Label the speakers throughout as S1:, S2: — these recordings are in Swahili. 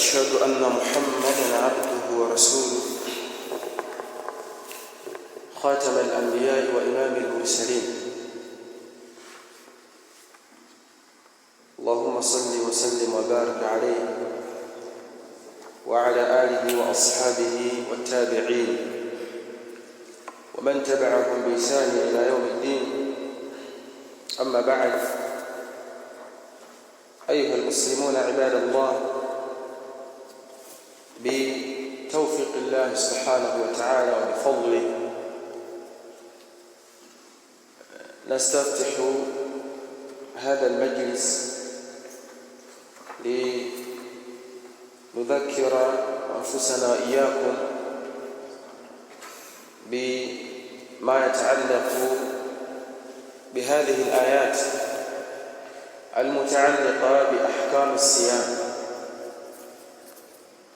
S1: أشهد ان محمدا عبده ورسوله خاتم الانبياء وامام المرسلين اللهم صل وسلم وبارك عليه وعلى اله واصحابه والتابعين ومن تبعهم باحسان الى يوم الدين اما بعد ايها المسلمون عباد الله الله سبحانه وتعالى وبفضله نستفتح هذا المجلس لنذكر أنفسنا إياكم بما يتعلق بهذه الآيات المتعلقة بأحكام الصيام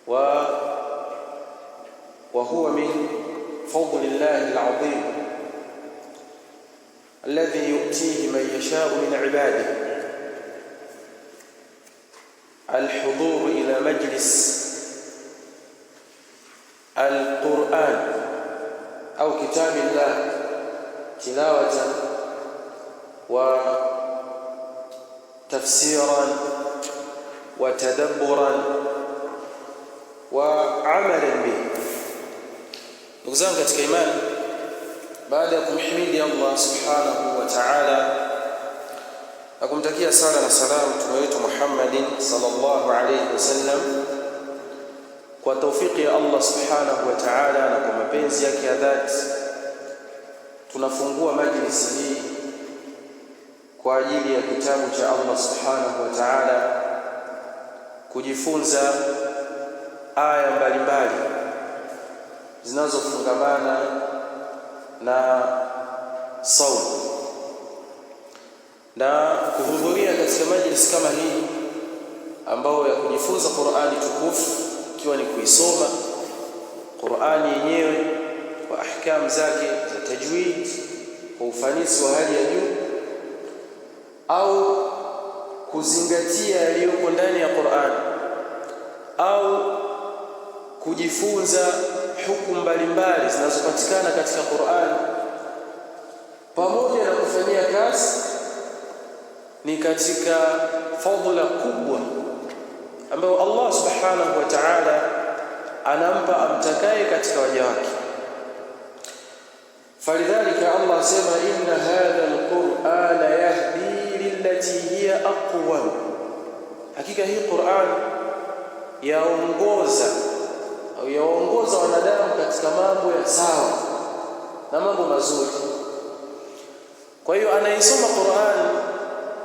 S1: و وهو من فضل الله العظيم الذي يؤتيه من يشاء من عباده الحضور إلى مجلس القرآن أو كتاب الله تلاوة وتفسيرا وتدبرا وعملا به Ndugu zangu katika imani, baada ya kumhimidi Allah subhanahu wa ta'ala na kumtakia sala na salamu mtume wetu Muhammadin sallallahu alayhi wasallam, kwa taufiki ya Allah subhanahu wa ta'ala na kwa mapenzi yake ya dhati, tunafungua majlisi hii kwa ajili ya kitabu cha Allah subhanahu wa ta'ala kujifunza aya mbalimbali zinazofungamana na saumu na kuhudhuria katika majlis kama hii ambao ya kujifunza Qur'ani tukufu, ikiwa ni kuisoma Qur'ani yenyewe kwa ahkamu zake za tajwid kwa ufanisi wa hali ya juu, au kuzingatia yaliyoko ndani ya Qur'ani au kujifunza hukumu mbalimbali zinazopatikana katika Qur'an pamoja na kufanyia kazi ni katika fadhila kubwa ambayo Allah subhanahu wa ta'ala anampa amtakaye katika waja wake. Falidhalika Allah asema inna hadha alqur'ana yahdi lillati hiya aqwam, hakika hii Qur'an yaongoza yaongoza wanadamu katika mambo ya sawa na mambo mazuri. Kwa hiyo anayesoma Qur'an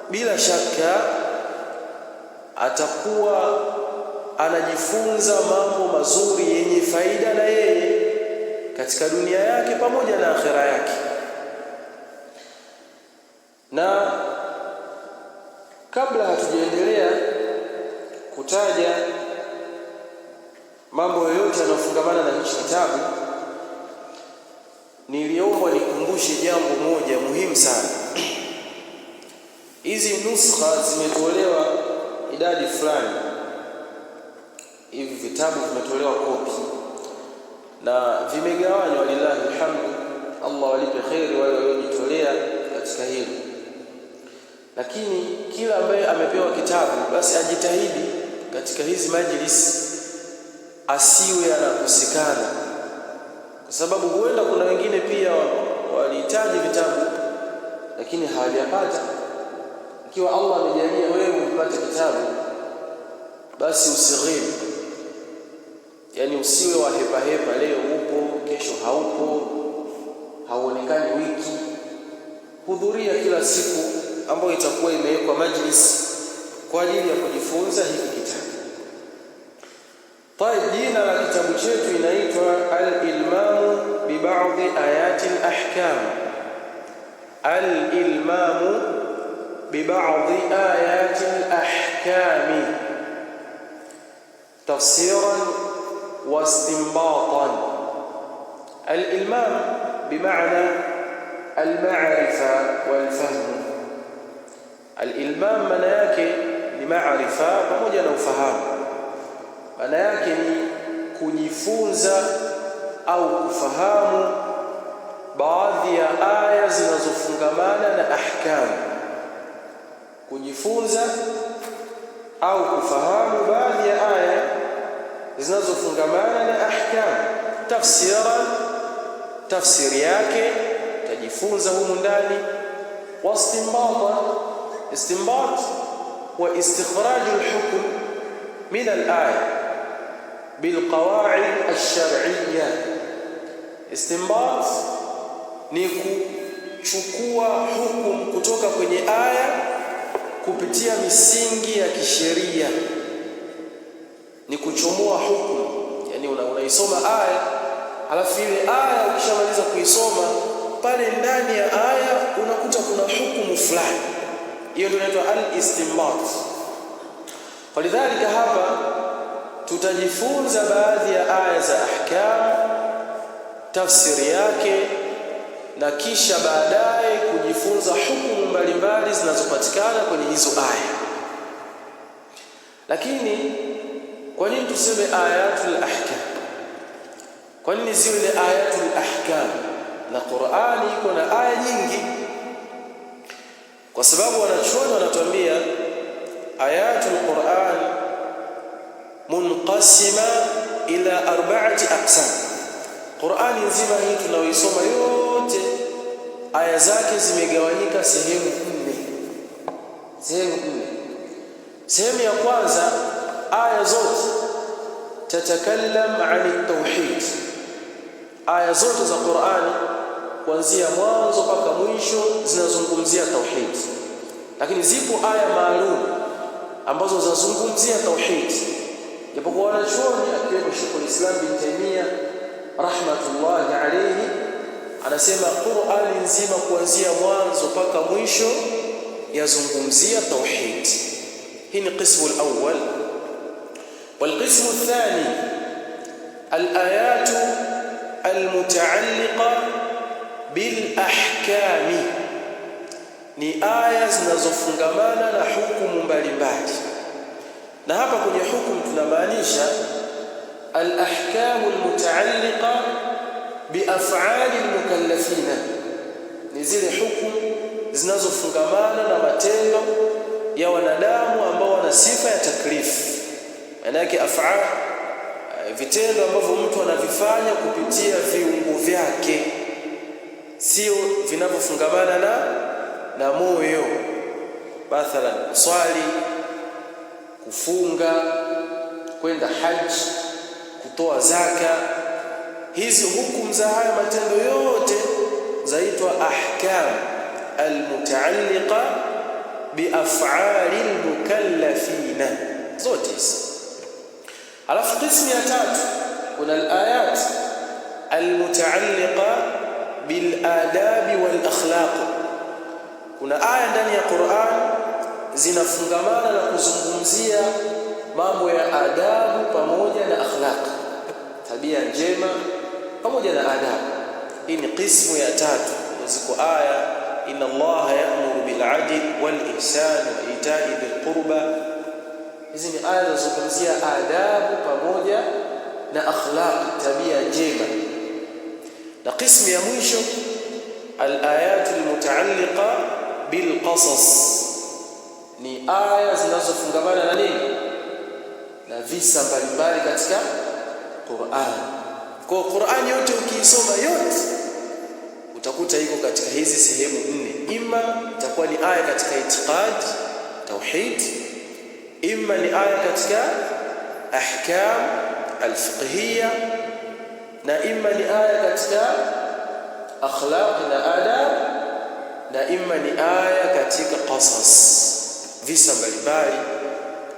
S1: bila shaka atakuwa anajifunza mambo mazuri yenye faida na yeye katika dunia yake pamoja na akhera yake. Na kabla hatujaendelea kutaja mambo yoyote yanayofungamana na hichi kitabu, niliomba nikumbushe jambo moja muhimu sana. Hizi nuskha zimetolewa idadi fulani, hivi vitabu vimetolewa kopi na vimegawanywa. Lillahi alhamdu, Allah walipe kheri wale waliojitolea katika hili, lakini kila ambaye amepewa kitabu basi ajitahidi katika hizi majlisi asiwe anakosekana, kwa sababu huenda kuna wengine pia walihitaji vitabu lakini hawajapata. Ikiwa Allah amejalia wewe upate kitabu, basi usighibu, yani usiwe wa hepa hepa, leo upo, kesho haupo, hauonekani wiki. Hudhuria kila siku ambayo itakuwa imewekwa majlis kwa ajili ya kujifunza hiki kitabu. Tayib, jina la kitabu chetu inaitwa Al-Ilmamu bi ba'dhi ayati al-ahkam. Al-Ilmamu bi ba'dhi ayati al-ahkam tafsiran wa istinbatan. Al-Ilmam bima'na al-ma'rifa wal-fahm. Al-Ilmam maana yake ni ma'rifa pamoja na ufahamu maana yake ni kujifunza au kufahamu baadhi ya aya zinazofungamana na ahkamu, kujifunza au kufahamu baadhi ya aya zinazofungamana na ahkamu tafsira, tafsiri yake tajifunza humu ndani, wastimbata, istimbat wa istikhraj alhukm min alaya bilqawaid alshar'iyya. Istinbat ni kuchukua hukumu kutoka kwenye aya kupitia misingi ya kisheria, ni kuchomoa hukumu. Yani unaisoma una aya, alafu ile aya ukishamaliza kuisoma, pale ndani ya aya unakuta kuna hukumu fulani, hiyo ndio inaitwa al-istinbat. Walidhalika hapa tutajifunza baadhi ya aya za ahkam, tafsiri yake, na kisha baadaye kujifunza hukumu mbalimbali zinazopatikana kwenye hizo aya. Lakini kwa nini tuseme ayatul ahkam? Kwa nini ziwe ni ayatul ahkam? Na Qur'ani iko na aya nyingi, kwa sababu wanachuoni wanatuambia ayatul Qur'an munqasima ila arba'ati aqsam Qur'ani nzima hii tunaoisoma yote aya zake zimegawanyika sehemu nne sehemu nne sehemu ya kwanza aya zote tatakallam an tauhid aya zote za Qur'ani kuanzia mwanzo mpaka mwisho zinazungumzia tauhid lakini zipo aya maalum ambazo zinazungumzia tauhid japokuwa wanachuoni akiwemo Sheikh Islam bin Taymiyyah rahmatullahi alayhi anasema Qur'ani nzima kuanzia mwanzo mpaka mwisho yazungumzia tauhid. Hii ni qismu al-awwal. والقسم الثاني الآيات المتعلقة بالأحكام ni aya zinazofungamana na hukumu mbalimbali Na hapa kwenye hukumu tunamaanisha alahkamu almutaalliqa biaf'ali almukallafina, ni zile hukumu zinazofungamana na matendo ya wanadamu ambao wana sifa ya taklifu, maana yake af'al, eh, vitendo ambavyo mtu anavifanya kupitia viungo vyake, sio vinavyofungamana na na moyo, mathalan swali kufunga, kwenda haji, kutoa zaka. Hizi hukumu za haya matendo yote zaitwa ahkam almutaalliqa biaf'ali almukallafina, zote hizi. Alafu qismu ya tatu kuna alayat almutaalliqa biladabi walakhlaq. Kuna aya ndani ya Qur'an zinafungamana na kuzungumzia mambo ya adabu pamoja na akhlaq, tabia njema pamoja na adabu. Hii ni qismu ya tatu, ziko aya inna Allaha ya'muru bil adl wal ihsan wa ita'i bil qurba. Hizi ni aya zinazozungumzia adabu pamoja na akhlaq, tabia njema. Na qismu ya mwisho al al mutaalliqa bil qasas ni aya zinazofungamana na nini na visa mbalimbali katika quran Kwa quran yote ukiisoma yote utakuta iko katika hizi sehemu nne, ima itakuwa ni aya katika itiqad tauhid, ima ni aya katika ahkam alfiqhiyya, na ima ni aya katika akhlaq na adab, na ima ni aya katika qasas visa mbalimbali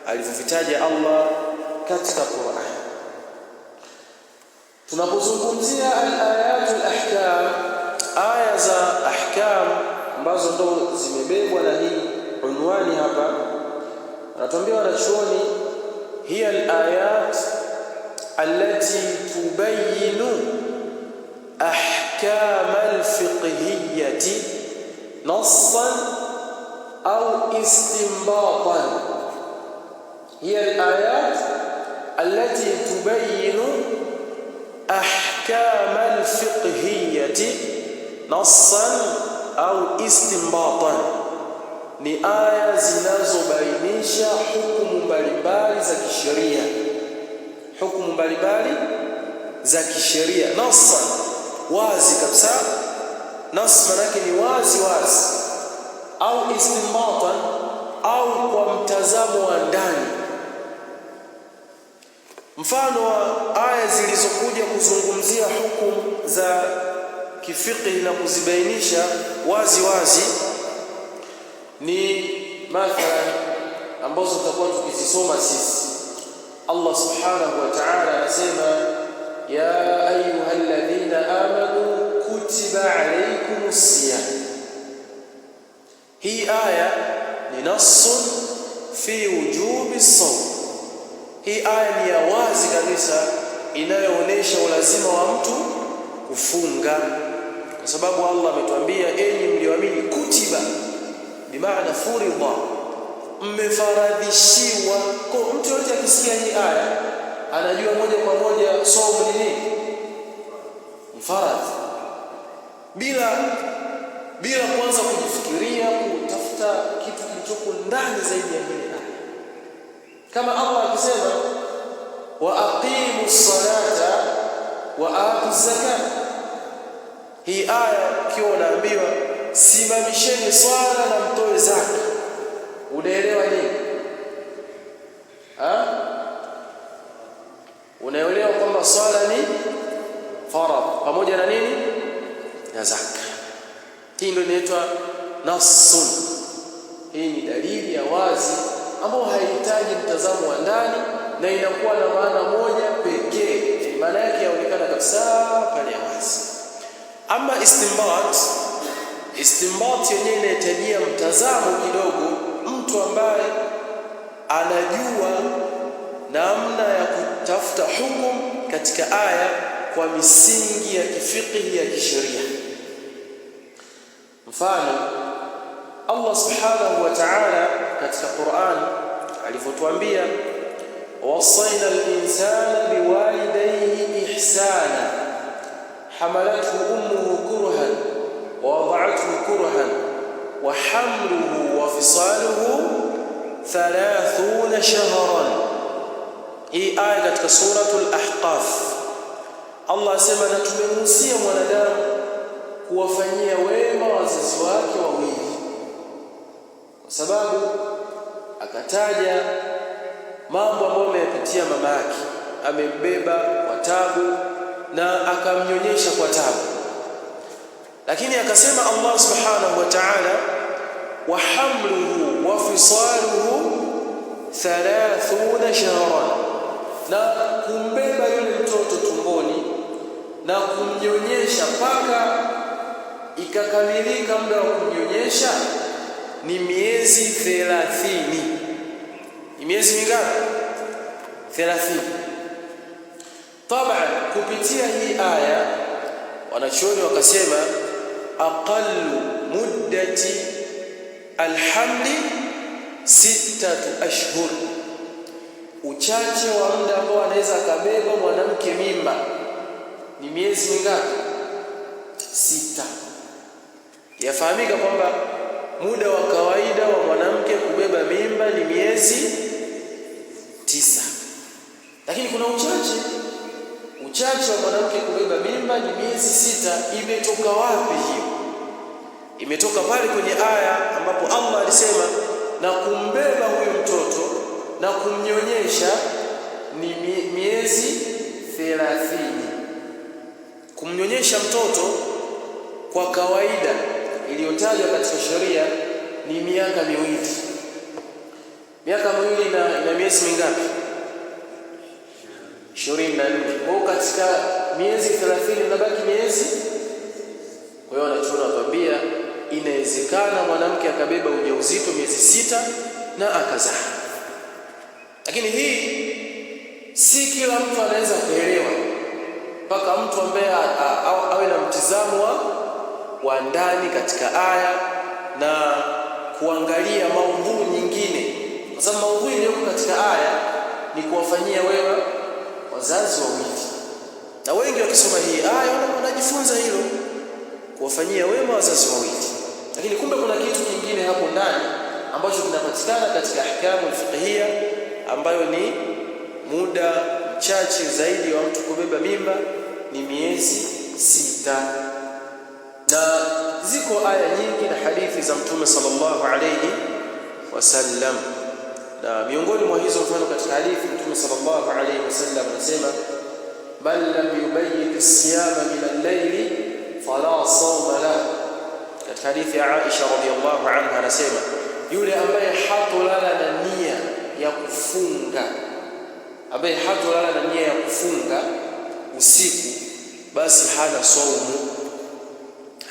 S1: alivyovitaja Allah katika Qur'an. Tunapozungumzia al ayatu al ahkam, aya za ahkam ambazo ndo zimebebwa na hii unwani hapa, anatuambia wanachuoni, hiya al-ayat allati tubayinu ahkam al-fiqhiyyati nassan أو استنباطا هي الآيات التي تبين أحكام الفقهية نصا أو استنباطا ni aya zinazobainisha hukumu mbalimbali za kisheria hukumu mbalimbali za kisheria nasa wazi kabisa nas manake ni wazi wazi au istinbatan au kwa mtazamo wa ndani. Mfano wa aya zilizokuja kuzungumzia hukumu za kifiqhi na kuzibainisha wazi wazi ni mathalan ambazo tutakuwa tukizisoma sisi. Allah subhanahu wa ta'ala anasema ya ayuha alladhina amanu kutiba alaykumus siyam hii aya ni nassun fi wujubi saum. Hii aya ni ya wazi kabisa inayoonyesha ulazima wa mtu kufunga, kwa sababu Allah ametuambia, enyi mlioamini, kutiba bimaana furidha, mmefaradhishiwa. Kwa mtu yote akisikia hii aya anajua moja kwa moja saumu ni nini, mfaradhi bila bila kuanza kujifikiria kutafuta kitu kilichoko ndani zaidi ya mbele kama Allah akisema wa aqimu salata wa atu zakat. Hii aya ukiwa unaambiwa simamisheni swala na mtoe zaka, unaelewa nini? Unaelewa kwamba swala ni faradhi pamoja na nini na zaka hii ndio inaitwa nasun. Hii ni dalili ya wazi ambayo haihitaji mtazamo wa ndani na inakuwa na maana moja pekee, maana yake yaonekana kabisa pale ya wazi. Ama istinbat, istinbat yenyewe inahitajia mtazamo kidogo, mtu ambaye anajua namna ya kutafuta hukumu katika aya kwa misingi ya kifikihi ya kisheria. Mfano Allah subhanahu wa ta'ala katika Qur'an alivyotuambia wasaina al-insana biwalidayhi ihsana hamalathu ummuhu kurhan wa wada'athu kurhan wa hamluhu wa fisaluhu 30 shahran hii aya katika suratul ahqaf Allah asema na tumemhusia mwanadamu kuwafanyia wema wazazi wake wawili, kwa sababu akataja mambo ambayo ameyapitia mama yake, amembeba kwa tabu na akamnyonyesha kwa tabu, lakini akasema Allah subhanahu wa ta'ala, wa hamluhu wa fisaluhu thalathuna shahran, na kumbeba yule mtoto tumboni na kumnyonyesha mpaka ikakamilika muda wa kunyonyesha ni miezi thelathini. Ni miezi mingapi? Thelathini. Taban, kupitia hii aya wanachuoni wakasema aqallu muddati alhamli sittatu ashhur, uchache wa muda ambao anaweza akabeba mwanamke mimba ni miezi mingapi? Sita. Yafahamika kwamba muda wa kawaida wa mwanamke kubeba mimba ni miezi tisa, lakini kuna uchache. Uchache wa mwanamke kubeba mimba ni miezi sita. Imetoka wapi hiyo? Imetoka pale kwenye aya ambapo Allah alisema na kumbeba huyo mtoto na kumnyonyesha ni miezi thelathini. Kumnyonyesha mtoto kwa kawaida iliyotajwa katika sheria ni miaka miwili. Miaka miwili na miezi mingapi? ishirini na nne. Kwa hiyo katika miezi thelathini inabaki miezi. Kwa hiyo wanachuna watuambia inawezekana mwanamke akabeba ujauzito miezi sita na akazaa, lakini hii si kila mtu anaweza kuelewa, mpaka mtu ambaye awe na mtizamo wa wa ndani katika aya na kuangalia maudhui nyingine, kwa sababu maudhui iliyoko katika aya ni kuwafanyia wewe wazazi wawili, na wengi wakisoma hii aya wanajifunza hilo, kuwafanyia wema wazazi wawili. Lakini kumbe kuna kitu kingine hapo ndani ambacho kinapatikana katika ahkamu fiqhia, ambayo ni muda mchache zaidi wa mtu kubeba mimba ni miezi sita na ziko aya nyingi na hadithi za mtume sallallahu alayhi wasallam, na miongoni mwa hizo mfano katika hadithi mtume sallallahu alayhi wasallam anasema man lam yubayyit as-siyama min al-layli fala sawma lahu. Katika hadithi ya Aisha radhiyallahu anha anasema yule ambaye hatolala na nia ya kufunga, ambaye hatolala na nia ya kufunga usiku, basi hana saumu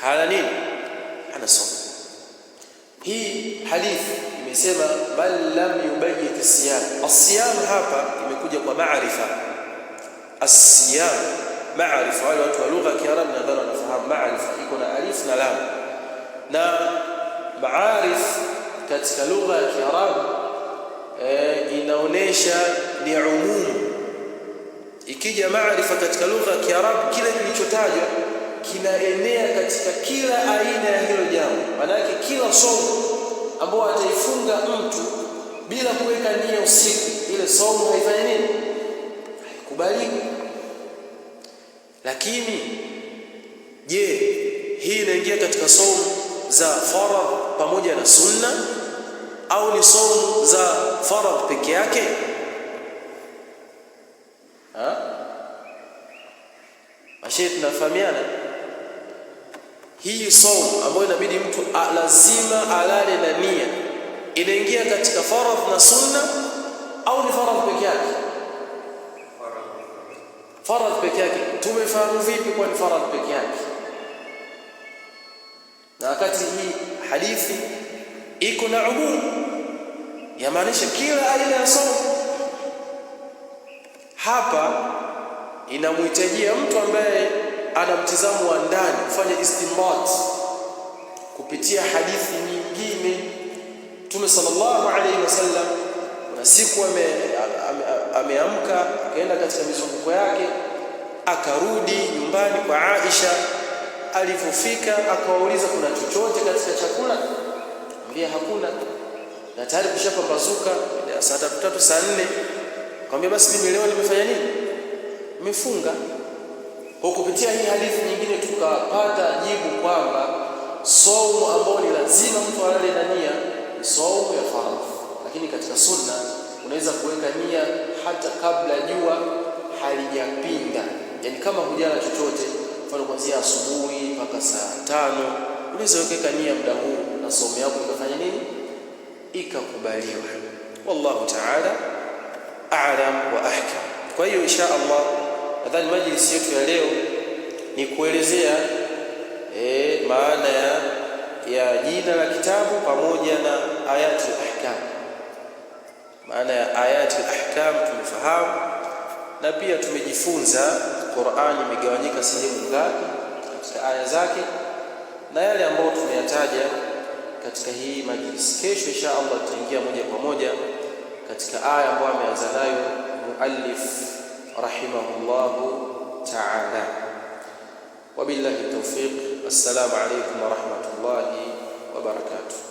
S1: hana nini? Anasoma. Hii hadithi imesema man lam yubayit siyam as hapa imekuja kwa maarifa, as-siyam maarifa. Wale watu wa lugha ya Kiarabu nadhani wanafahamu maarifa, iko na alif na lam, na maarif katika lugha ya Kiarabu eh, inaonesha ni umumu. Ikija maarifa katika lugha ya Kiarabu kile kilichotajwa kinaenea katika kila aina ya hilo jambo. Maanake kila somo ambayo ataifunga mtu bila kuweka nia usiku, ile somo haifanya nini? Haikubaliki. Lakini je, hii inaingia katika somo za faradhi pamoja na sunna au ni somo za faradhi peke yake? Mashekhe, tunafahamiana hii saum ambayo inabidi mtu lazima alale na nia, inaingia katika faradhi na sunna au ni faradh peke yake? faradh peke yake. Tumefahamu vipi kwa ni faradhi peke yake, na wakati hii hadithi iko na umum, yamaanisha kila aina ya saum hapa inamhitajia mtu ambaye ana mtizamo wa ndani, kufanya istinbat kupitia hadithi nyingine. Mtume sallallahu alaihi wasallam kuna siku ameamka akaenda katika mizunguko yake, akarudi nyumbani kwa Aisha. Alipofika akawauliza kuna chochote katika chakula? ambia hakuna, na tayari kushapambazuka saa tatu saa nne. Akamwambia basi mimi leo nimefanya nini? Nimefunga. Kwa kupitia hii hadithi nyingine tukapata jibu kwamba saumu ambayo ni lazima mtu alale na nia ni saumu ya faradhi, lakini katika sunna unaweza kuweka nia hata kabla jua halijapinda, yaani kama hujala chochote, mfano kuanzia asubuhi mpaka saa tano unaweza kuweka nia muda huu na saumu yako ikafanya nini, ikakubaliwa. Wallahu taala a'lam wa ahkam. Kwa hiyo insha Allah Nadhani majlisi yetu ya leo ni kuelezea e, maana ya, ya jina la kitabu pamoja na ayatul ahkam. Maana ya ayatul ahkam tumefahamu, na pia tumejifunza quran imegawanyika sehemu ngapi katika aya zake na yale ambayo tumeyataja katika hii majlisi. Kesho insha Allah tutaingia moja kwa moja katika aya ambayo ameanza nayo muallif رحمه الله تعالى وبالله التوفيق السلام عليكم ورحمة الله وبركاته